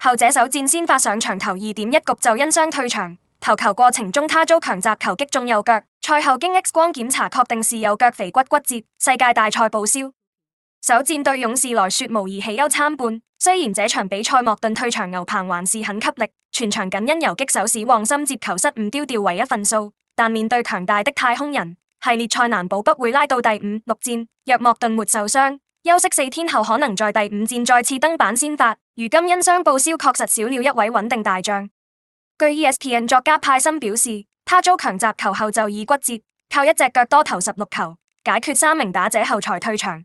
後者首戰先發上場投二點一局就因傷退場，投球過程中他遭強襲球擊中右腳，賽後經 X 光檢查確定是右腳腓骨骨折，世界大賽報銷。首戰對勇士來說無疑喜憂參半，雖然這場比賽莫頓退場，牛棚還是很給力，全場僅因游擊手史旺森接球失誤丟掉唯一分數，但面對強大的太空人，系列賽難保不會拉到第五六戰。若莫頓沒受傷。休息四天後，可能在第五戰再次登板先發。如今因傷報銷，確實少了一位穩定大將。據 ESPN 作家派森表示，他遭強襲球後就已骨折，靠一隻腳多投十六球解決三名打者後才退場。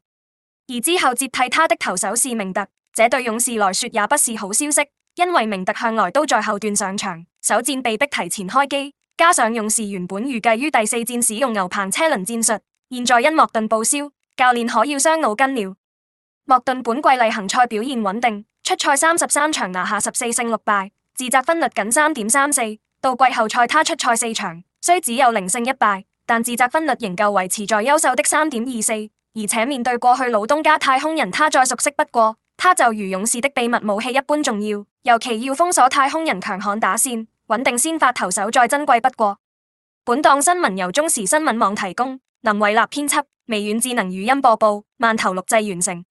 而之後接替他的投手是明特，這對勇士來說也不是好消息，因為明特向來都在後段上場，首戰被迫提前開機，加上勇士原本預計於第四戰使用牛棚車輪戰術，現在因莫頓報銷。教練可要傷腦筋了。莫頓本季例行賽表現穩定，出賽三十三場拿下十四勝六敗，自責分率僅三點三四。到季後賽他出賽四場，雖只有零勝一敗，但自責分率仍舊維持在優秀的三點二四。而且面對過去老東家太空人，他再熟悉不過，他就如勇士的秘密武器一般重要。尤其要封鎖太空人強悍打線，穩定先發投手再珍貴不過。本檔新聞由中時新聞網提供。林偉立編輯，微軟智能語音播報，萬頭錄製完成。